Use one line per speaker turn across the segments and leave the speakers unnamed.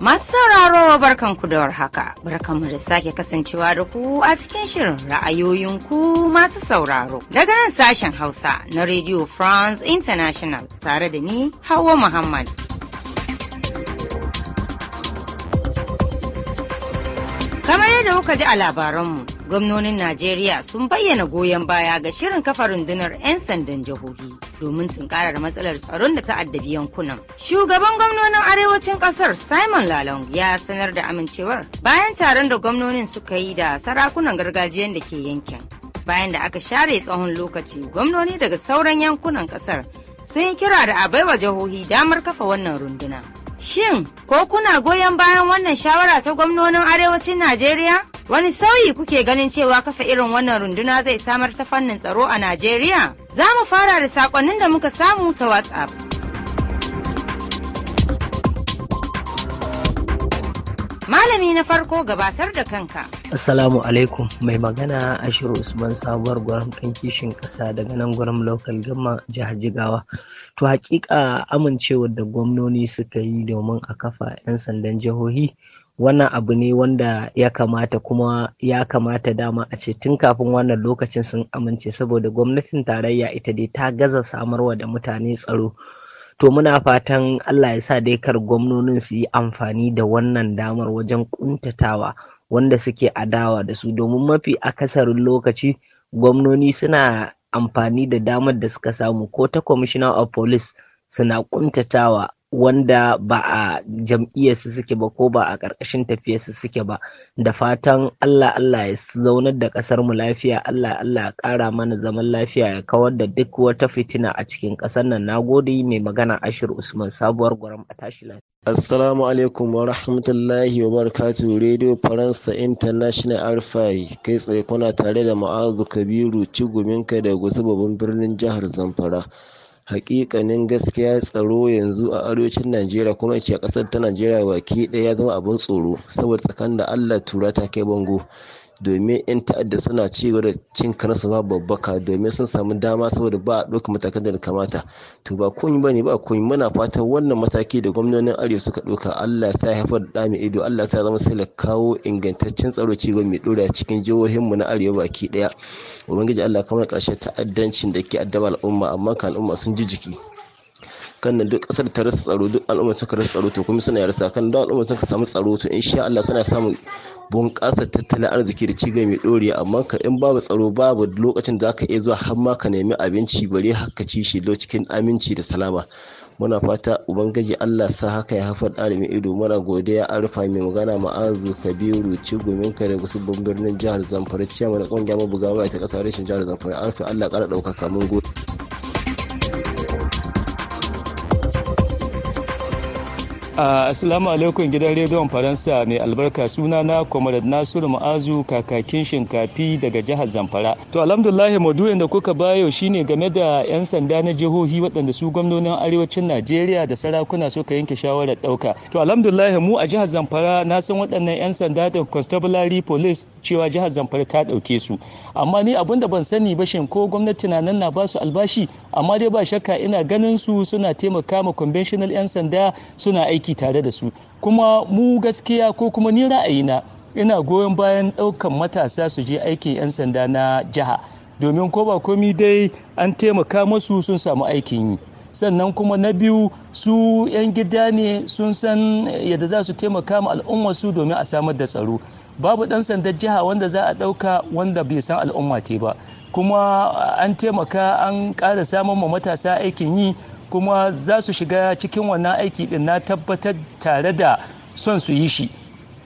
Masu sauraro ku da warhaka, mu da sake kasancewa da ku a cikin shirin ra'ayoyin ku masu sauraro. Daga nan sashen Hausa na Radio France International tare da ni Hauwa Muhammad. Kamar yadda kuka ji a labaranmu, gwamnonin najeriya sun bayyana goyon baya ga shirin kafa rundunar 'yan sandan jihohi domin tsinkarar matsalar tsaron da ta addabi yankunan shugaban gwamnonin arewacin kasar simon lalong ya sanar da amincewar bayan taron da gwamnonin suka yi da sarakunan gargajiyan da ke yankin bayan da aka share tsawon lokaci gwamnoni daga sauran yankunan kasar sun yi kira da a baiwa jihohi damar kafa wannan runduna Shin, ko kuna goyon bayan wannan shawara ta gwamnonin arewacin Najeriya? Wani sauyi kuke ganin cewa kafa irin wannan runduna zai samar ta fannin tsaro a Najeriya? Za mu fara da saƙonnin da muka samu ta WhatsApp. Malami na farko gabatar da kanka.
Assalamu alaikum mai magana a Ashiru Usman sabuwar gwaram kan kishin kasa daga nan gwaram lokal gama jihar Jigawa. To hakika amincewar da gwamnoni suka yi domin a kafa 'yan sandan jihohi wannan abu ne wanda ya kamata kuma ya kamata dama a ce tun kafin wannan lokacin sun amince saboda gwamnatin tarayya ita dai ta gaza samarwa da mutane tsaro. to muna fatan allah ya sa dai kar gwamnonin su yi amfani da wannan damar wajen kuntatawa wanda suke adawa da su domin mafi akasarin lokaci gwamnoni suna amfani da damar da suka samu ko ta commissioner of police suna kuntatawa wanda ba a jam'iyyarsu suke ba ko ba a ƙarƙashin tafiyarsu suke ba da fatan Allah Allah ya zaunar da ƙasar mu lafiya Allah Allah ya ƙara mana zaman lafiya ya kawar da duk wata fitina a cikin ƙasar nan
nagode mai magana Ashir Usman sabuwar gwaram a tashi lafiya Assalamu alaikum wa rahmatullahi wa barakatuh Radio Faransa International RFI kai tsaye kuna tare da Ma'azu Kabiru Ciguminka da Gusu babban birnin jihar Zamfara hakikanin gaskiya tsaro yanzu a arewacin najeriya kuma ce a kasar ta najeriya baki ɗaya ya zama abin tsoro saboda tsakanin da allah tura ta kai bango domin 'yan ta'adda suna ci da cin karansu ba babbaka domin sun samu dama saboda ba a ɗauka matakan da kamata to ba kun ba ne ba kun muna fatan wannan mataki da gwamnonin arewa suka ɗauka allah sa ya haifar da mai ido allah sa zama sai kawo ingantaccen tsaro ci mai ɗora cikin jihohinmu na arewa baki ɗaya ubangiji allah kamar ƙarshe ta'addancin da ke addaba al'umma amma kan al'umma sun ji jiki. kan nan duk kasar ta rasa tsaro duk al'umma suka rasa tsaro to kuma suna yarsa kan duk al'umma suka samu tsaro to insha Allah suna samun bunƙasa tattalin arziki da cigaba mai ɗorewa amma ka in babu tsaro babu lokacin da zaka iya zuwa har ma ka nemi abinci bare haka ci shi cikin aminci da salama muna fata ubangiji Allah sa haka ya haifar ɗalibin ido mara godiya an rufa mai magana ma'azu kabiru cigumin kare babban birnin jihar zamfara mana da mabuga mabugawa ta ƙasa rashin jihar zamfara an Allah ƙara ɗaukaka mun gode.
Asalamu alaikum gidan rediyon Faransa mai albarka suna na Comrade Nasiru Ma'azu kakakin shinkafi daga jihar Zamfara. To alhamdulillah maudu'in da kuka bayo shine game da 'yan sanda na jihohi waɗanda su gwamnonin arewacin Najeriya da sarakuna suka yanke shawarar ɗauka. To alhamdulillah mu a jihar Zamfara na san waɗannan 'yan sanda da constabulary police cewa jihar Zamfara ta ɗauke su. Amma ni abin da ban sani ba shin ko gwamnati na nan na ba su albashi amma dai ba shakka ina ganin su suna taimaka ma conventional 'yan sanda suna aiki aiki tare da su kuma mu gaskiya ko kuma ni ra'ayina ina goyon bayan ɗaukan matasa su je aikin 'yan sanda na jiha domin ko ba komi dai an taimaka masu sun samu aikin yi sannan kuma na biyu su 'yan gida ne sun san yadda za su taimaka ma al'ummarsu domin a samar da tsaro babu ɗan sandar jiha wanda za a ɗauka wanda bai san al'umma ce ba kuma an taimaka an ƙara samun ma matasa aikin yi kuma za su shiga cikin wannan aiki din na tabbatar tare da son su yi shi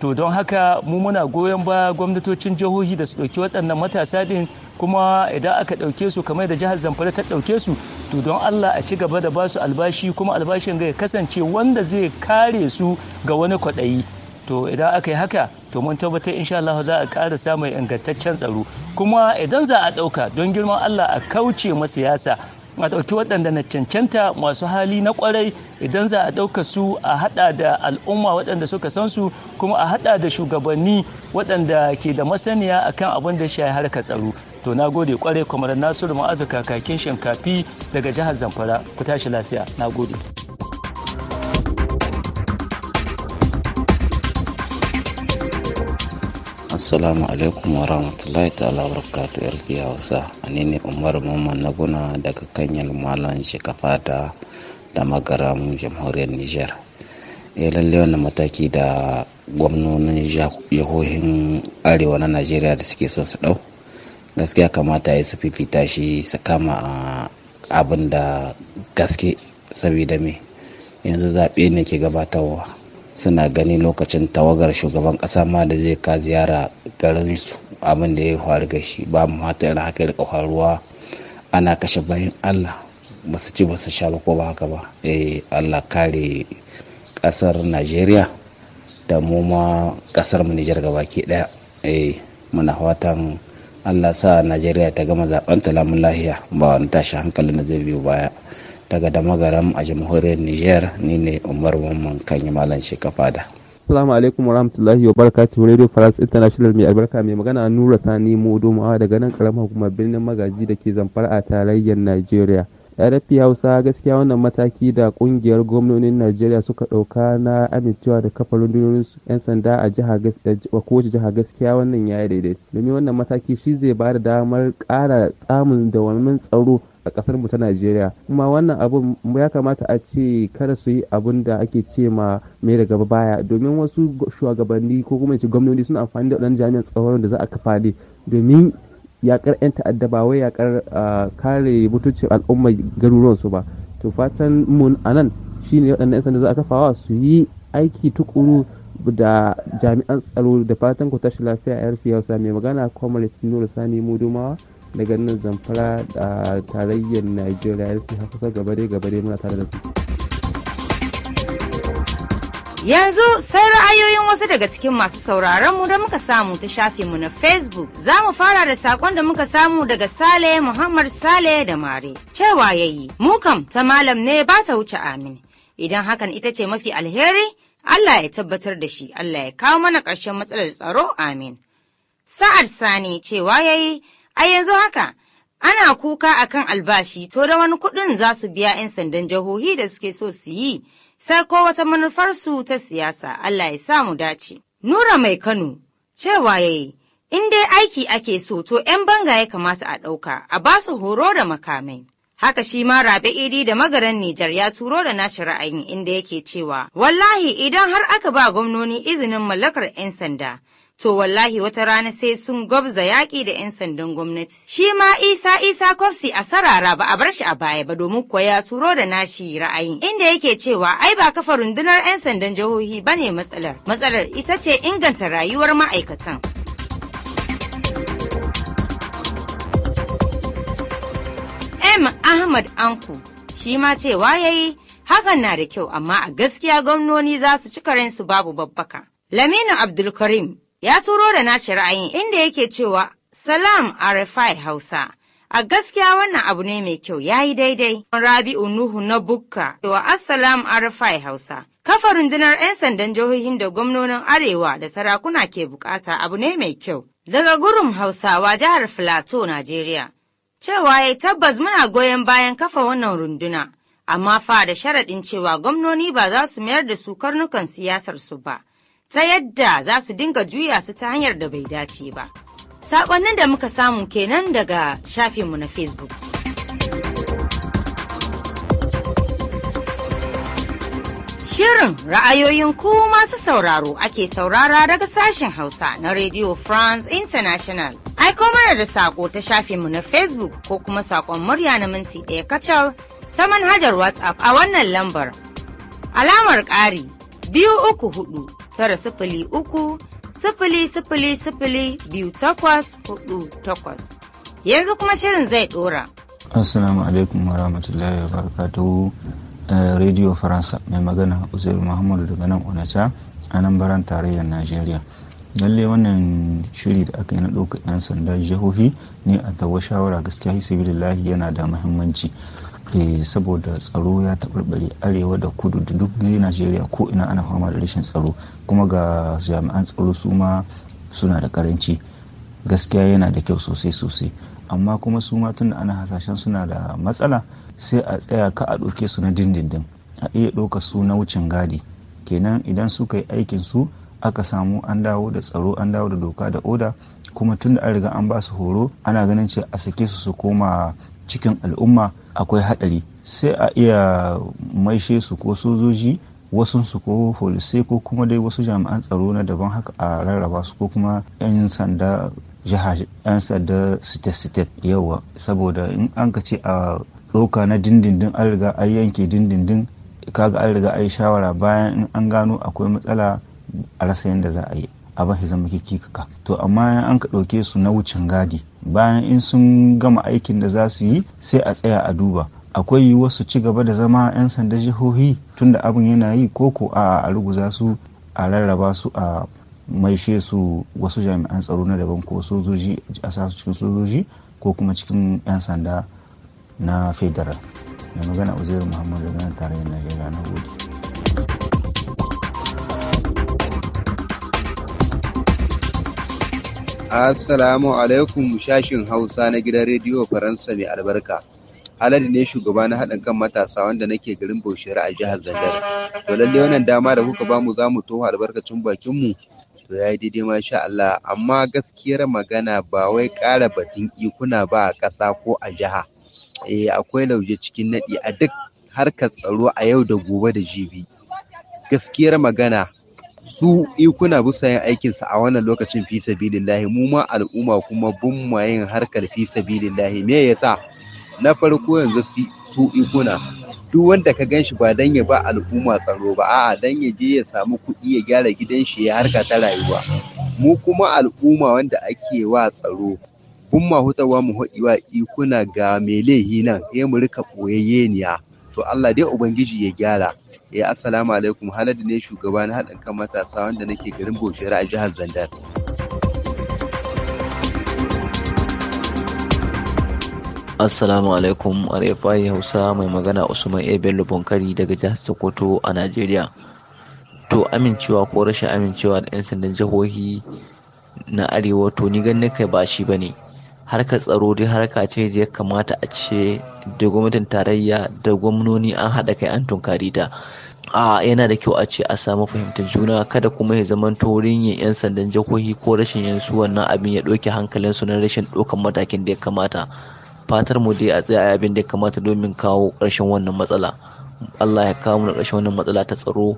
to don haka mu muna goyon ba gwamnatocin jihohi da su ɗauki waɗannan matasa ɗin kuma idan aka ɗauke su kamar da jihar zamfara ta ɗauke su to don allah a ci gaba da basu albashi kuma albashin zai kasance wanda zai kare su ga wani kwaɗayi to idan aka yi haka to mun tabbatar insha Allah za a ƙara samun ingantaccen tsaro kuma idan za a ɗauka don girman Allah a kauce ma siyasa a ɗauki waɗanda na cancanta masu hali na kwarai idan za a ɗauka su a haɗa da al'umma waɗanda suka san su kuma a haɗa da shugabanni waɗanda ke da masaniya akan abin da shi harkar tsaro to na gode kwarai kwamar nasiru ma'azu kakakin shinkafi daga jihar zamfara ku tashi lafiya na gode
assalamu alaikum wa rahmatullahi ta'ala barakatu yarfi hausa a ne umar mamman na guna daga kanyar malam shekafa da da magaram jamhuriyar niger ya eh, lalle wannan mataki da gwamnonin jihohin arewa na najeriya da suke so su dau gaskiya kamata ya su fifita shi su kama abin da gaske saboda me yanzu zaɓe ne ke gabatarwa suna ganin lokacin tawagar shugaban kasa ma da zai ka ziyara garin su abin da ya faru ga shi ba mu hata irin haka rika faruwa ana kashe bayan allah ba su ci ba su sha ba ko ba haka ba eh allah kare kasar najeriya da mu ma kasar mu nijar ke daya eh muna fatan allah sa najeriya ta gama zaben ta lamun lahiya ba wani tashi hankalin da zai biyo baya daga damagaram a jamhuriyar niger ni ne umar mamman kanyi malam shekafada
Assalamu alaikum warahmatullahi wabarakatuh Radio France International mai albarka mai magana Nura Sani Modomawa daga nan karamar hukumar birnin Magaji da ke zamfara a tarayyar Najeriya. rfp hausa gaskiya wannan mataki da kungiyar gwamnonin najeriya suka ɗauka na amincewa da kafa rundunonin 'yan sanda a kowace jiha gaskiya wannan ya daidai domin wannan mataki shi zai ba da damar kara tsamun dawamin tsaro a kasar mu ta Najeriya kuma wannan abun ya kamata a ce kada su yi abun da ake ce ma mai daga baya domin wasu shugabanni ko kuma ce gwamnati suna amfani da wadannan jami'an tsaron da za a kafa ne domin yakar 'yan ta'adda ba wai yakar kare mutuncin al'ummar su ba to fatan mun anan shine waɗannan 'yan sanda za a kafawa su yi aiki tukuru da jami'an tsaro da fatan ku tashi lafiya yar fiyausa mai magana comrade nuru sani mudumawa daga nan zamfara da tarayyar nigeria ya fi kusa gabare-gabare muna tare da su
Yanzu sai ra'ayoyin wasu daga cikin masu sauraron mu da muka samu ta shafe mu na Facebook. Za mu fara da sakon da muka samu daga Sale Muhammad Sale da Mare. Cewa yayi, mu kam ta malam ne ba ta wuce amin. Idan hakan ita ce mafi alheri, Allah ya tabbatar da shi, Allah ya kawo mana ƙarshen matsalar tsaro amin. Sa'ad Sani cewa yi. A yanzu haka, ana kuka a kan albashi to da wani kuɗin za su biya 'yan sandan jihohi da suke so su yi, sai ko wata manufar su ta siyasa Allah ya samu dace. Nura mai Kano, cewa ya yi, in dai aiki ake so to 'yan banga ya kamata a ɗauka, a ba su horo da makamai. Haka shi ma Rabe Idi da magaran Nijar ya turo da nashi ra'ayin inda yake cewa, wallahi idan har aka ba gwamnoni izinin mallakar 'yan sanda, to wallahi wata rana sai sun gwabza yaƙi da 'yan sandan gwamnati. Shi ma Isa Isa Kofsi a sarara ba a bar shi a baya ba domin kuwa ya turo da nashi ra'ayi. inda yake cewa ai ba kafa rundunar 'yan sandan jihohi ba ne matsalar. Matsalar isa ce inganta rayuwar ma'aikatan. M. Ahmad Anku shi ma cewa yayi hakan na da kyau amma a gaskiya gwamnoni za su ci su babu babbaka. Laminu Abdulkarim ya turo da nashi ra'ayin inda yake cewa salam arifai hausa a gaskiya wannan abu ne mai kyau ya yi daidai rabi'u nuhu na bukka wa assalam arifai hausa kafa rundunar 'yan sandan jihohin da gwamnonin arewa da sarakuna ke bukata abu ne mai kyau daga gurum hausawa jihar filato najeriya cewa ya tabbas muna goyon bayan kafa wannan runduna amma fa da sharaɗin cewa gwamnoni ba za su mayar da su karnukan siyasarsu ba ta yadda za su dinga juya su ta hanyar da bai dace ba. Saƙonnin da muka samu kenan daga shafinmu na Facebook. Shirin ra'ayoyin ku masu sauraro ake saurara daga sashen Hausa na Radio France International. Aiko mana da saƙo ta shafinmu na Facebook ko kuma saƙon murya na minti ɗaya kacal ta manhajar WhatsApp a wannan lambar. Alamar ƙari biyu uku hudu tara sifili uku sifili sifili sifili biyu takwas hudu takwas. Yanzu kuma shirin zai ɗora.
Assalamu alaikum wa rahmatullahi wa barakatuhu. Eh, Radio Faransa mai magana Uzairu Muhammadu daga nan Onata a nan baran tarayyar Najeriya. lalle wannan shiri da aka yi na ɗaukar 'yan sanda jihohi ne a tawa shawara gaskiya hisibilillahi yana da muhimmanci Eh, saboda tsaro ya taɓarɓare arewa da kudu da duk najeriya ko ina ana fama da rashin tsaro kuma ga jami'an tsaro su ma suna da karanci gaskiya yana da kyau sosai sosai amma kuma su ma tun da ana hasashen suna da matsala sai a tsaya ka a ɗauke su na dindindin a iya ɗauka su na wucin gadi kenan idan suka yi aikin su aka samu an dawo da tsaro an dawo da doka da oda kuma tun da an riga an ba su horo ana ganin ce a sake su su koma cikin al'umma akwai hadari sai a iya maishe su ko sojoji wasu su ko polisai ko kuma dai wasu jami'an tsaro na daban haka a rarraba su ko kuma 'yan sanda jiha 'yan sanda state-state yawa saboda in an ka ce a ɗauka na dindindin an riga an yanke dindindin kaga an riga an shawara bayan in an gano akwai matsala a rasa yadda za a yi a ba zama kikika to amma an ka ɗauke su na wucin gadi bayan in sun gama aikin da za su yi sai a tsaya a duba akwai yiwuwar ci gaba da zama 'yan sanda jihohi tunda abin yana yi ko a ruguza su a rarraba su a maishe su wasu jami'an tsaro na daban ko sojoji a sa cikin sojoji ko kuma cikin 'yan sanda na federal da magana uzairu muhammadu da tarayyar najeriya na gode
Assalamu alaikum shashin Hausa na gidan rediyo Faransa mai albarka. Haladu ne shugaba na haɗin kan matasa wanda nake garin Bauchiyar a jihar Zandar. To lalle wannan dama da kuka bamu za mu toho albarkacin bakin mu to ya yi daidai masha Allah amma gaskiyar magana ba wai ƙara batun ikuna ba a ƙasa ko a jiha. Eh akwai lauje cikin naɗi a duk harkar tsaro a yau da gobe da jibi. Gaskiyar magana su ikuna bu sayan aikin a wannan lokacin fi sabilillahi mu ma al'umma kuma bun yin harkar fi sabilillahi me yasa na farko yanzu su ikuna duk wanda ka ganshi ba dan ya ba al'umma tsaro ba a'a dan ya je ya samu kuɗi ya gyara gidan shi ya harka ta rayuwa mu kuma al'umma wanda ake wa tsaro kun ma hutawa mu haɗiwa ikuna ga mai laihi nan ya mu rika ɓoyayyeniya to Allah dai ubangiji ya gyara eh assalamu alaikum Haladu ne shugaba na haɗin kan matasa wanda nake garin boshera a jihar Zandar.
Assalamu alaikum RFI Hausa mai magana Usman A. Bello Bonkari daga jihar Sokoto a Najeriya. To amincewa ko rashin amincewa da 'yan sandan jihohi na arewa to ni gan kai ba shi bane. harkar tsaro dai harka ce da ya kamata a ce da gwamnatin tarayya da gwamnoni an haɗa kai an tunkari ta a yana da kyau a ce a samu fahimtar juna kada kuma ya zama wurin yin 'yan sandan jihohi ko rashin yin su wannan abin ya ɗauke hankalinsu na rashin ɗaukan matakin da ya kamata fatar mu dai a tsaya abin da ya kamata domin kawo ƙarshen wannan matsala allah ya kawo mana ƙarshen wannan matsala ta tsaro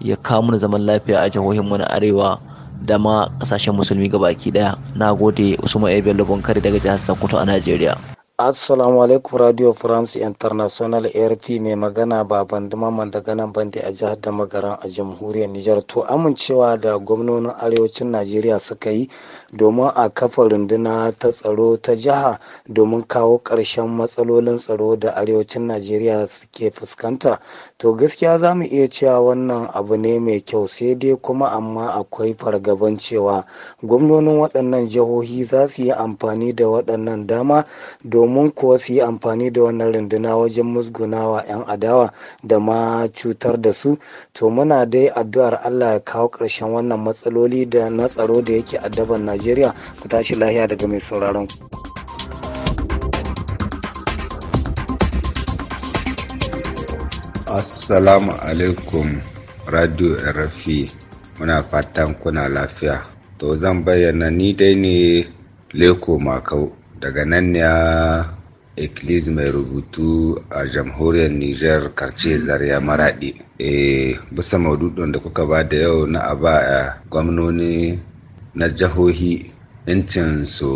ya kawo mu zaman lafiya a jihohin mu na arewa da ma kasashen musulmi gabaki daya na gode usman bello bonkari daga jihar sokoto a najeriya
Assalamu alaikum Radio France International ARP mai magana baban Maman daga nan bandi a jihar da magaran a jamhuriyar Nijar to amincewa da gwamnonin arewacin Najeriya suka yi domin a kafa runduna ta tsaro ta jiha domin kawo ƙarshen matsalolin tsaro da arewacin Najeriya suke fuskanta to gaskiya za mu iya cewa wannan abu ne mai kyau sai dai kuma amma akwai fargaban cewa gwamnonin waɗannan jihohi za su yi amfani da waɗannan dama domin domin kuwa su yi amfani da wannan runduna wajen musgunawa 'yan adawa da ma cutar da su to muna dai addu'ar allah ya kawo ƙarshen wannan matsaloli da na tsaro da yake addaban najeriya ku tashi lahiya daga mai sauraron
Assalamu alaikum Radio RFI muna fatan kuna lafiya. To zan bayyana ni dai ne Leko Makau daga nan ne Eclis mai rubutu a jamhuriyar Nijar karce zariya maraɗi. E, eh, bisa maududun da kuka ba da yau na a baya eh, gwamnoni na jihohi incin su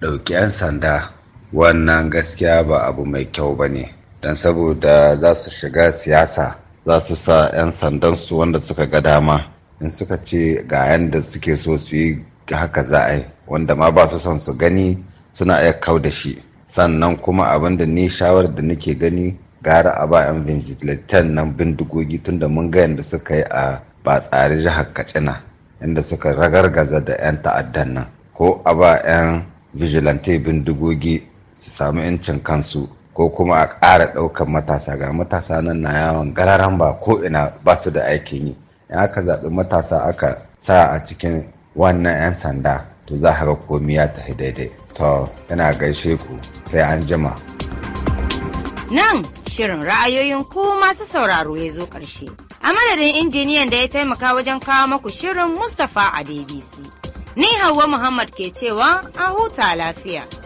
ɗauki 'yan sanda wannan gaskiya ba abu mai kyau ba ne don saboda za su shiga siyasa za su sa 'yan sandan su wanda suka ga dama in suka ce ga da suke so su yi haka za yi wanda ma ba su son su gani suna iya kau da shi sannan kuma abin da ni shawar da nake gani gara a ba 'yan vigilantan nan bindigogi tun da mun ga yadda suka yi a ba tsari jihar katsina inda suka ragargaza da 'yan ta'addan nan ko a ba 'yan vigilante bindigogi su samu 'yancin kansu ko kuma a ƙara ɗaukar matasa ga matasa nan na yawon gararan ba ko ina ba su da aikin yi in aka zaɓi matasa aka sa a cikin wannan 'yan sanda to za a ga komi ya tafi daidai to yana gaishe ku sai an jima
nan shirin ra'ayoyin ku masu sauraro ya zo ƙarshe a madadin injiniyan da ya taimaka wajen kawo maku shirin mustapha a dbc ni Hauwa muhammad ke cewa a huta lafiya